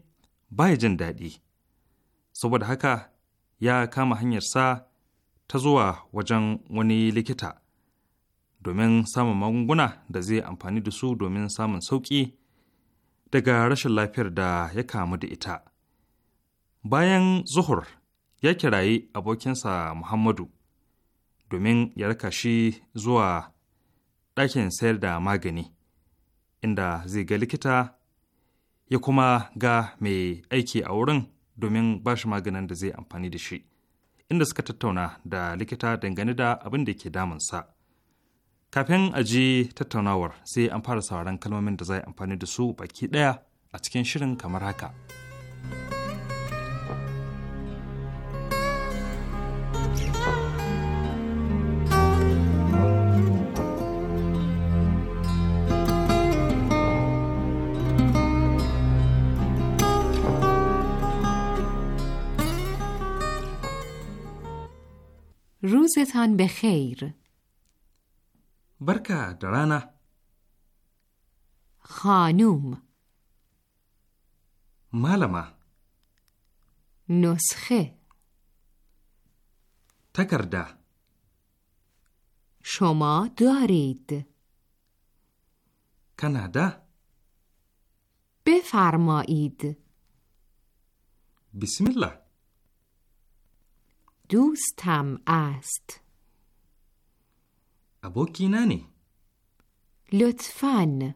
baya jin daɗi, saboda haka ya kama hanyarsa ta zuwa wajen wani likita domin samun magunguna da zai amfani da su domin samun sauƙi daga rashin lafiyar da ya kamu da ita. Bayan zuhur ya kirayi abokinsa Muhammadu domin ya raka shi zuwa ɗakin sayar da magani. inda zai ga likita ya kuma ga mai aiki a wurin domin ba shi maganin da zai amfani da shi inda suka tattauna da likita dangane da abin da ke damunsa kafin a ji tattaunawar sai an fara sauraron kalmomin da za a amfani da su baki ɗaya a cikin shirin kamar haka. روزتان به خیر برکه درانا. خانوم مالما نسخه تکرده شما دارید کانادا بفرمایید بسم الله دوستم است ابوکی نانی. لطفاً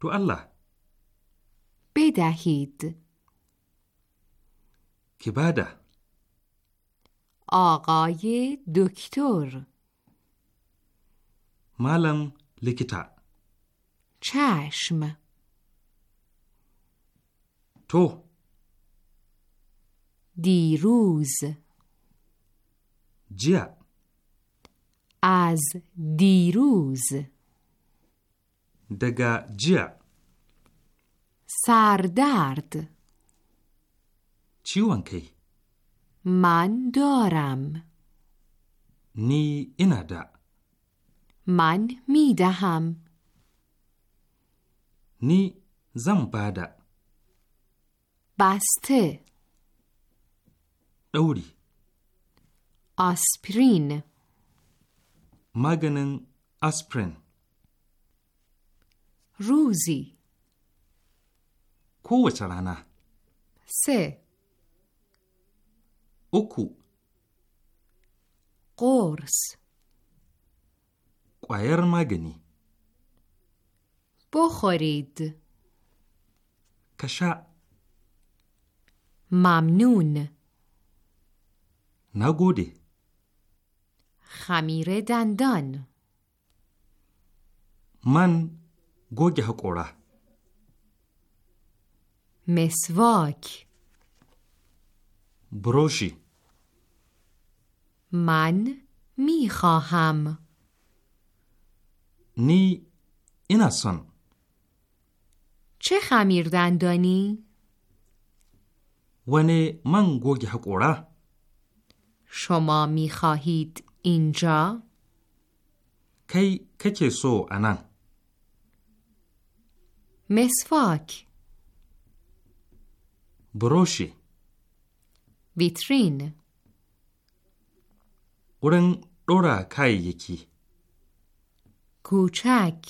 تو الله بدهید که بعد آقای دکتر مالن لکتا چشم تو دیروز جیا از دیروز دگا جیا سردرد چیوان کی من دارم نی اینا دا من میدهم نی زم بادا بسته ɗauri aspirin maganin aspirin روزی kowace rana Se. uku Kors. ƙwayar magani بخورید kasha Mamnun. نگوده خمیر دندان من گوگه حقوره مسواک بروشی من میخواهم نی این چه خمیر دندانی؟ ونه من گوگه کوره شما می خواهید اینجا؟ کی کچه سو انا مسواک بروشی ویترین قرن دورا کای یکی کوچک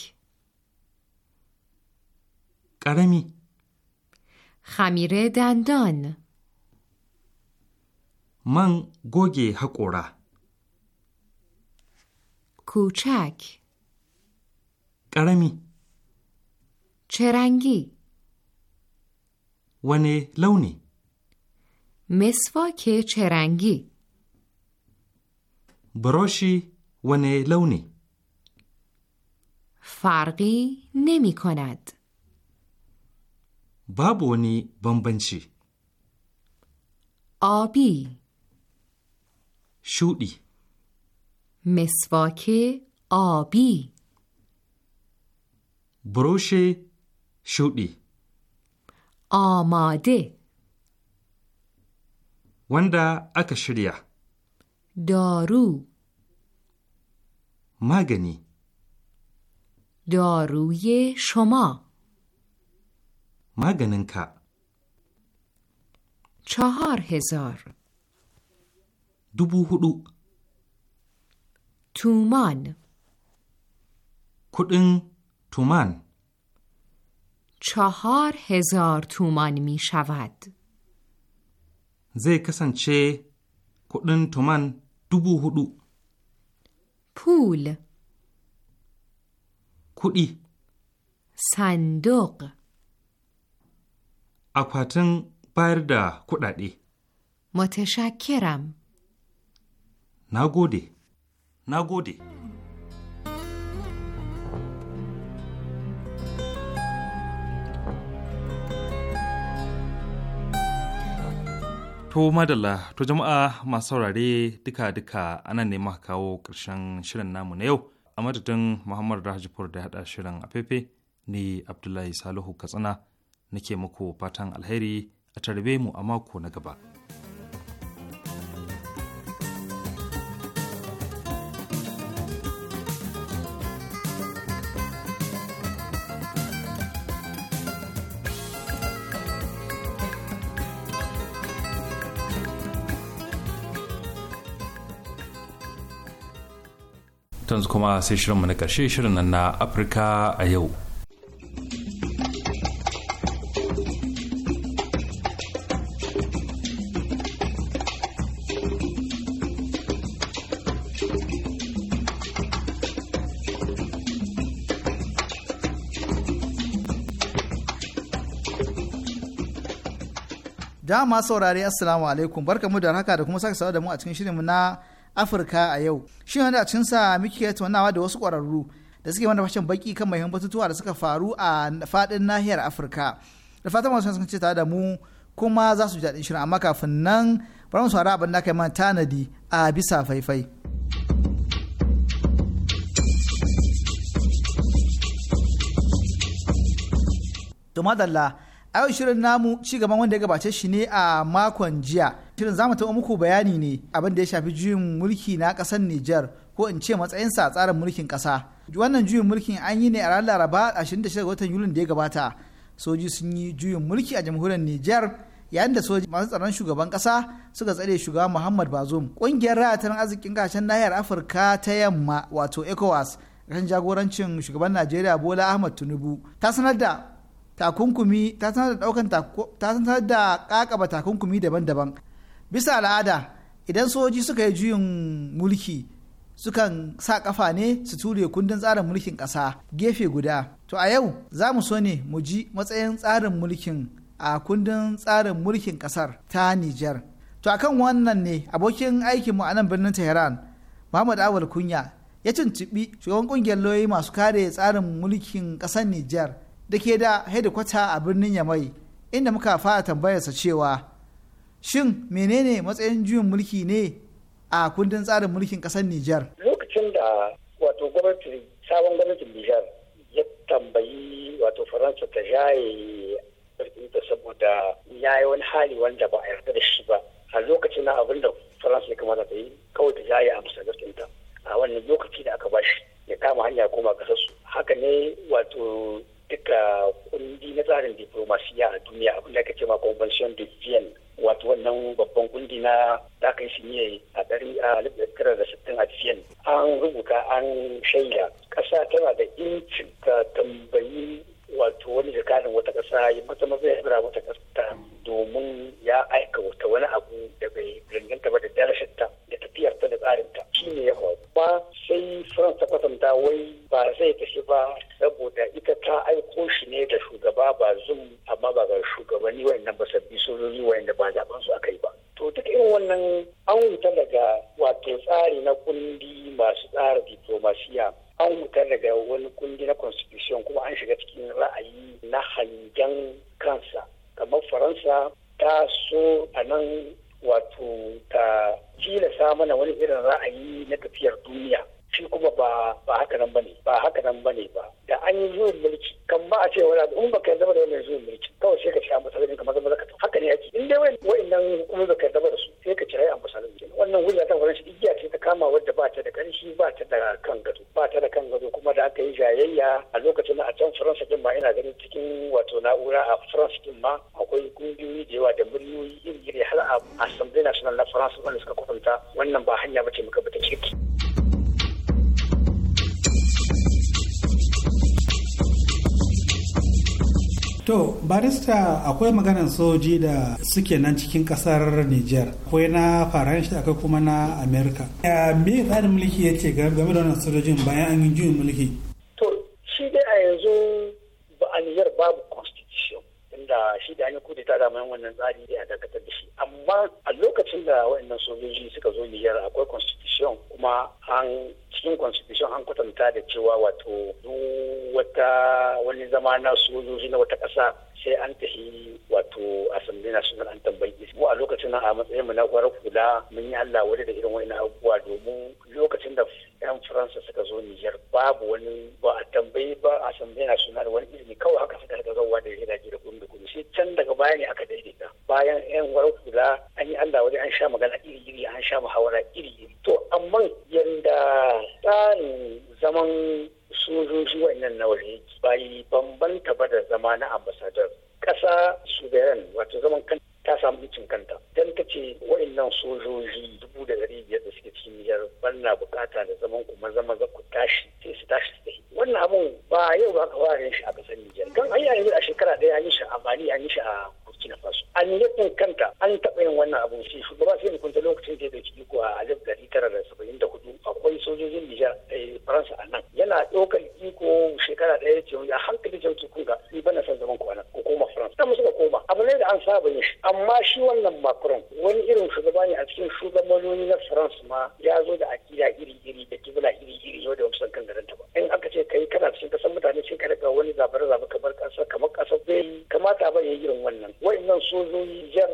قرمی خمیره دندان من گوگی حقورا کوچک قرمی چرنگی ونه لونی مسواک چرنگی بروشی ونه لونی فرقی نمی کند بابونی بمبنشی آبی شودی مسواک آبی بروش شودی آماده وندا اکشریا دارو مگنی داروی شما مگننکا چهار هزار dubu تومان تومان چهار هزار تومان می شود زی کسان چه تومان دوبو پول کدی صندوق اکواتن بایر دا متشکرم Na gode. Na gode. To madalla, to jama'a masu saurare duka-duka ana neman kawo ƙarshen shirin namu na yau a madadin Muhammad Rahajipur da haɗa shirin a fefe ni Abdullahi Salihu Katsina nake muku fatan alheri a tarbe mu a mako na gaba. yanzu kuma sai shirinmu na ƙarshe shirin nan na afirka a yau dama saurari assalamu alaikum barkamu da haka da kuma sake sawa da mu a cikin shirinmu na afirka a yau Shin wanda cin sa muke tunawa da wasu kwararru da suke wanda fashin baki kan mahimman batutuwa da suka faru a faɗin nahiyar Afirka. Da fatan masu sun ce tare da mu kuma za su ji daɗin shirin amma kafin nan bari mu saurari abin da aka yi mana tanadi a bisa faifai. To madalla, a shirin namu ci gaban wanda ya gabace shi ne a makon jiya. shirin za mu taɓa muku bayani ne abin da ya shafi juyin mulki na ƙasar Nijar ko in ce matsayinsa a tsarin mulkin ƙasa. Wannan juyin mulkin an yi ne a ranar Laraba 26 ga watan Yulin da ya gabata. Soji sun yi juyin mulki a jamhuriyar Nijar yayin da soji masu tsaron shugaban ƙasa suka tsare shugaban Muhammad Bazoum. Ƙungiyar ra'atan arzikin kashen nahiyar Afirka ta yamma wato ECOWAS rashin jagorancin shugaban Najeriya Bola ahmed Tinubu ta sanar da takunkumi ta sanar da daukan da kakaba takunkumi daban-daban bisa al'ada idan sojoji suka yi juyin mulki sukan sa kafa ne su ture kundin tsarin mulkin ƙasa gefe guda to a yau za mu so ne mu ji matsayin tsarin mulkin a kundin tsarin mulkin ƙasar ta Nijar. to akan wannan ne abokin aikinmu a nan birnin Tehran Muhammad Awal Kunya ya tuntuɓi shugaban ƙungiyar lauyoyi masu kare tsarin mulkin ƙasar Nijar da ke da hedikwata a birnin Yamai inda muka fara tambayarsa cewa Shin menene matsayin juyin mulki ne a kundin tsarin mulkin kasar Nijar? Lokacin da wato gwamnatin sabon gwamnatin Nijar ya tambayi wato Faransa ta jaye ta saboda ya yi wani hali wanda ba a yarda da shi ba. A lokacin na abin da Faransa ya kamata ta yi kawai ta jaye a musa gaskinta a wannan lokaci da aka ba shi ya kama hanya koma su Haka ne wato duka kundi na tsarin diplomasiya a duniya abin da aka ce ma convention de Vienne wato wannan babban kundi na da aka shi ne a dari a tara da sittin a cikin an rubuta an shaida ƙasa tana da incin ka tambayi wato wani jakadan wata ƙasa ya mata mazai ya wata ƙasa domin ya aika wata wani abu da bai danganta ba da ta da tafiyarta da tsarinta shi ne ya ba sai faransa ta wai ba zai tafi ba saboda ita ta aiko shi ne da shugaba ba zum amma ba ga shugabanni wayannan ba sabbi sojoji wayanda ba zaben su aka yi ba to duk irin wannan an wuta daga wato tsari na kundi masu tsara diplomasiya an wuta daga wani kungi na constitution kuma an shiga cikin ra'ayi na hangen kansa kamar faransa ta so a nan wato ta tilasa mana wani irin ra'ayi na tafiyar duniya shi kuma ba ba haka nan bane ba haka nan bane ba da an yi zuwan mulki kan ba a ce wani abu in kai zama da wani zuwan mulki kawai sai ka ci a matsalolin kamar zama zaka haka ne ake in dai nan kuma kai zama da su sai ka ci an a ne wannan wuya ta wannan shi igiya ce ta kama wadda ba ta da ƙarfi ba ta da kan gado ba ta da kan gado kuma da aka yi jayayya a lokacin a can faransa din ma ina ganin cikin wato na'ura a faransa din ma akwai kungiyoyi da yawa da muryoyi iri iri har a assembly national na faransa wanda suka kwatanta wannan ba hanya ba ce muka bi ta kirki. To, barista akwai maganar soji da suke nan cikin kasar Nijar, akwai na Faransa akwai kuma na Amerika. Ya me tsarin mulki ya ce game da wannan sojojin bayan an yi juyin mulki? To, shi dai a yanzu da shi da hanyar kudeta da mayan wannan tsari da a dakatar da shi amma a lokacin da waɗannan sojoji suka zo niyar akwai constitution kuma an cikin constitution an kwatanta da cewa wato duk wata wani zama na sojoji na wata ƙasa sai an tafi wato assembly national an tambayi mu a lokacin nan a matsayin mu na kwarar kula mun yi Allah wadda da irin wani abubuwa domin lokacin da yan faransa suka zo nijar babu wani ba a tambayi ba a tambayi na suna da wani izini kawai haka suka daga zauwa da gidaje da gumi da sai can daga baya ne aka daidaita bayan yan wani kula an yi allah wani an sha magana iri iri an sha muhawara iri iri to amma yanda tsarin zaman sojoji wa'annan na waje bai bambanta ba da zama na ambasadar ƙasa su wato zaman kan ta samu cin kanta idan ta ce waɗannan sojoji dubu da dari biyar da suke cikin nijar banna bukata da zaman ku maza maza ku tashi sai su tashi su tafi wannan abun ba yau ba ka fara shi a kasar nijar kan an yi a shekara ɗaya an yi shi a mali an yi shi a burkina faso a niyyar kanta an taɓa yin wannan abun shi shugaba sai kunta lokacin da ya ɗauki iko a alif dari tara da saba'in da hudu akwai sojojin nijar eh, faransa a nan yana ɗaukar iko shekara ɗaya ce wani a hankali jauki kunga ni bana son zaman ku a nan ko abu ne da an saba yin shi amma shi wannan macron wani irin shugaba ne a cikin shugabanni na france ma ya zo da akida iri iri da kibla iri iri yau da wasu kan garin ba in aka ce kai kana cikin kasan mutane sai ka wani zabar zabar kamar kasar kamar kasar bai kamata ba ya irin wannan wa'annan sojoji jar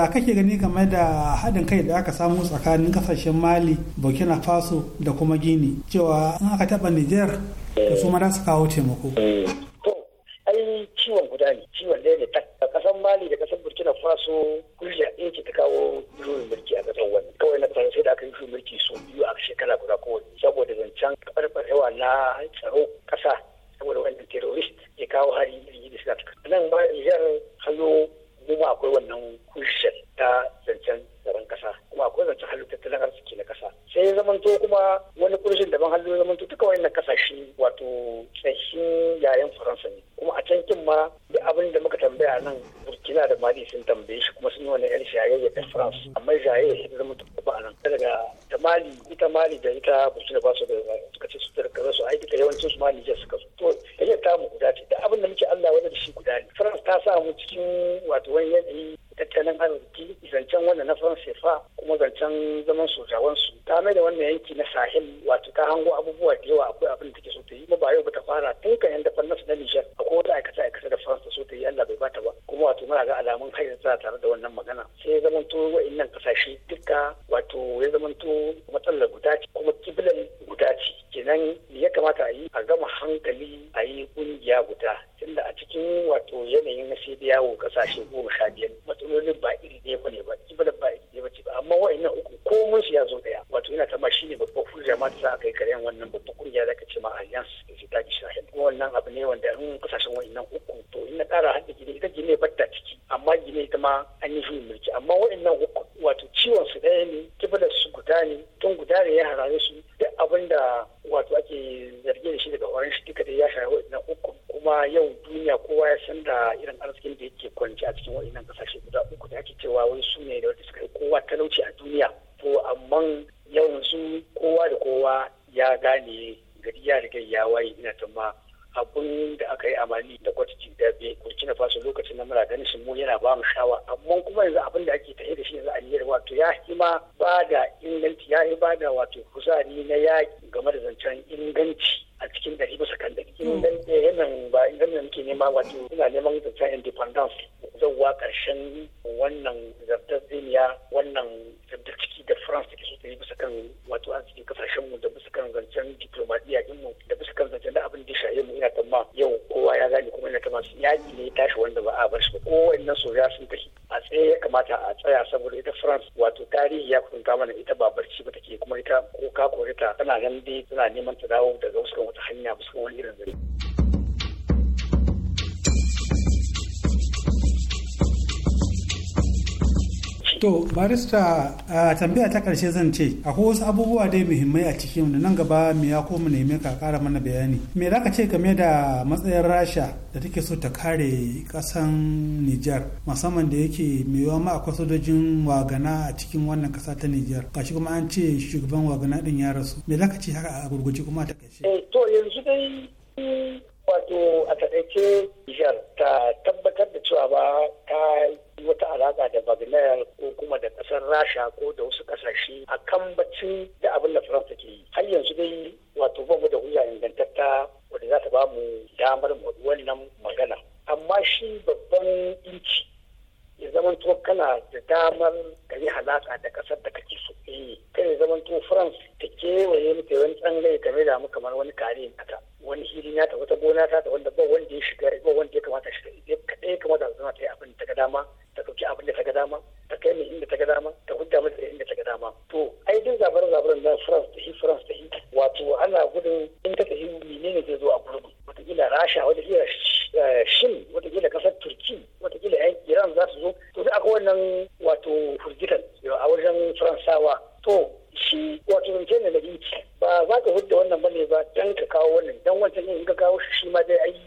wa kake gani game da haɗin kai da aka samu tsakanin kasashen mali burkina faso da kuma gini cewa in aka taɓa niger da su ma za su kawo taimako eh, akwai zancen halin tattalin arziki na kasa sai ya to kuma wani kurshin daban halin to duka wani na ƙasashe wato tsashin yayan faransa ne kuma a can kin ma duk abin da muka tambaya nan burkina da mali sun tambaye shi kuma sun yi wani yan shayayya da france amma shayayya ya zama ba a nan daga ta mali ita mali da ita burkina faso da suka ce su tarkar su aiki da yawancin su mali ya suka zo to ta ta mu guda ce duk abin da muke allah wani da shi guda ne france ta sa mu cikin wato wani yanayi tattalin arziki zancen wanda na fa kuma zancen zaman wansu. ta mai da wannan yanki na sahel wato ta hango abubuwa da yawa akwai abin da take so ta yi ba yau ba ta fara tun kan yan dafan nasu na nijar akwai wata aikace aikace da france so ta yi allah bai bata ba kuma wato muna ga alamun kai za tare da wannan magana sai ya zamanto nan kasashe duka wato ya zamanto matsalar guda ce kuma kibilan dace kenan ya kamata a yi a gama hankali a yi kungiya guda tunda a cikin wato yanayin na sai da yawo kasashe goma sha biyar matsalolin ba iri ɗaya ba ne ba kibalar ba iri ɗaya ba ce ba amma wa'annan uku mun su ya zo ɗaya wato ina tama shi ne babban kungiya ma ta sa aka yi karyan wannan babban kungiya da aka ce ma alliance da ke tafi shahin kuma wannan abu ne wanda in kasashen wa'annan uku to ina ƙara haɗa gine ita gine ta ciki amma gine ita ma an yi juyin mulki amma wa'annan uku wato ciwon su ɗaya ne kibalar su guda ne tun guda ne ya harare su duk abin wanda wato ake zargi da shi daga orange duka da ya shafi waɗannan uku kuma yau duniya kowa ya san da irin arzikin da yake kwanci a cikin waɗannan ƙasashe guda uku da ake cewa wai su ne da wanda suka kowa talauci a duniya to amma yanzu kowa da kowa ya gane gari ya riga ya waye ina tamma abun da aka yi amani da kwata zimbabwe burkina faso lokacin na muna ganin sun mu yana ba mu shawa amma kuma yanzu abin da ake tafiye da shi yanzu a wato ya yi ma ba da inganci ya yi ba da wato kuzari na yaƙi game da zancen inganci a cikin dari bisa kan dari hmm. inganci yanan ba inganci da muke nema wato ina neman zancen independence zauwa ƙarshen wannan zartar ziniya wannan zartar ciki da france da ke so ta yi bisa kan wato a cikin ƙasashenmu da bisa kan zancen diplomatiya ɗinmu abin da shaye mu ina ma yau kowa ya gane kuma ina su yaƙi ne tashi wanda ba a bar shi ba ko wannan soja sun tafi a tsaye ya kamata a tsaya saboda ita France wato tarihi ya kunta mana ita ba barci ba take kuma ita ko ka kore ta tana nan dai tana neman ta dawo daga wasu kan wata hanya ba su wani irin zai. to barista a tambaya ta karshe zan ce akwai wasu abubuwa dai muhimmai a cikin da nan gaba me ya mu neme ka kara mana bayani me za ka ce game da matsayin rasha da take so ta kare kasan nijar musamman da yake mai yawa ma akwai sojojin wagana a cikin wannan kasa ta nijar kashi kuma an ce shugaban wagana din ya rasu me za ka ce haka a gurguje kuma ta karshe eh, to yanzu dai wato a taƙaice nijar ta tabbatar da cewa ba ta wata alaka da Wagner ko kuma da ƙasar Rasha ko da wasu ƙasashe a kan bacin da abin da Faransa ke yi. Har yanzu dai wato ba mu da hujja ingantatta wadda za ta ba mu damar mu wannan magana. Amma shi babban inci ya zamanto kana da damar ka yi alaka da ƙasar da kake so. Eh, kai ya zamanto France ta kewaye mu wani tsangaye ta mai damu kamar wani kare ta wani hili ta wata gona ta ta wanda ba wanda ya shiga ba wanda ya kamata shiga ya kaɗai kamata da zama ta yi abin da ta ga dama ta ɗauki abin da ta ga dama ta kai mai inda ta ga dama ta hujja mata da inda ta ga dama to ai duk zabar zabaran na France ta yi France ta yi wato ana gudun in ta tafi menene zai zo a gurbi watakila Rasha watakila eh, Shin watakila kasar Turki watakila Iran za su zo to duk akwai wannan wato furgitan a wajen Faransawa to shi wato mutum ne da yake ba za ka hudda wannan bane ba dan ka kawo wannan dan wancan in ka kawo shi ma dai ai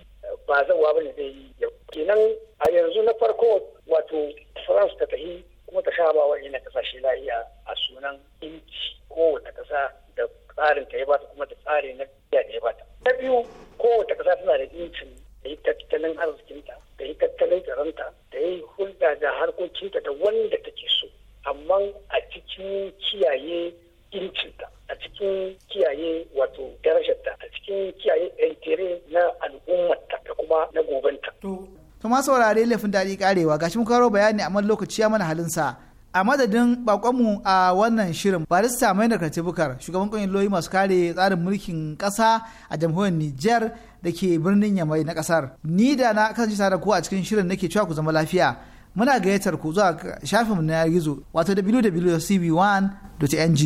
ba zawa bane dai yau kenan a yanzu na farko wato France ta tahi kuma ta sha ba wani na kasashe lahiya a sunan inci kowace kasa da tsarin ta ya bata kuma da tsari na biya da ya bata na biyu kowace kasa tana da incin da yi tattalin arzikinta da yi tattalin tsaronta da yi hulɗa da harkokinta da wanda take so amma a cikin kiyaye incinta a cikin kiyaye wato darajarta a cikin kiyaye ɗaitere na al'ummarta da kuma na gobenta To ma saurare laifin daɗi karewa gashi mu karo bayani a man lokaci ya mana halinsa. A madadin bakonmu a wannan shirin barista mai da bukar shugaban ƙungiyar loyi masu kare tsarin mulkin ƙasa a jamhuriyar Nijar da ke birnin Yamai na ƙasar. Ni da na kasance tare ku a cikin shirin nake cewa ku zama lafiya. muna gayyatar ku zuwa shafinmu na gizo wato www.cb1.ng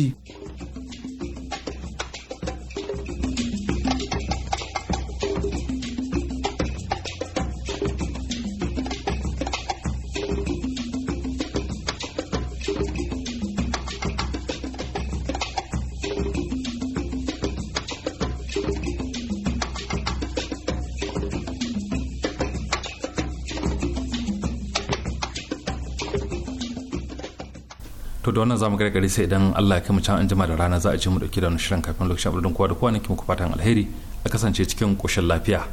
da wannan zamu gare sai idan Allah ya kai mu can jima da rana za a je mu dauki da wani shirin kafin lokacin abudun kowa da kowa ne ki muku fatan alheri a kasance cikin koshin lafiya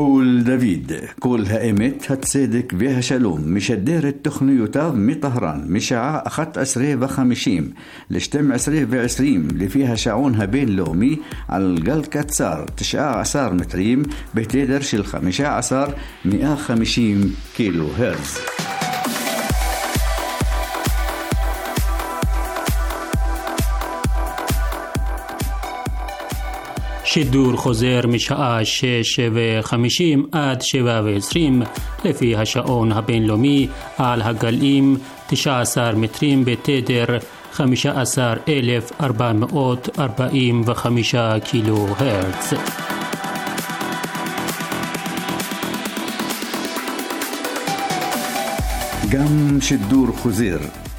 كول دافيد كول هائمت هتصدق بها شلوم مش الدير تخنيوتاف مي طهران مشاع أخت أسري بخمشيم لشتم أسري بعسريم اللي فيها شعونها بين لومي على القل كتسار تشعى عصار متريم بتدرش الخمشة عصار مئة خمشيم كيلو هرتز شدور خوزیر مشاهده شده و خمیشیم از شواف و سریم. تلفیش آن ها بین لومی آل هگالیم تا 24 متریم به تدر 24,442 و 25 کیلو هرتز. جام شدور خوزیر.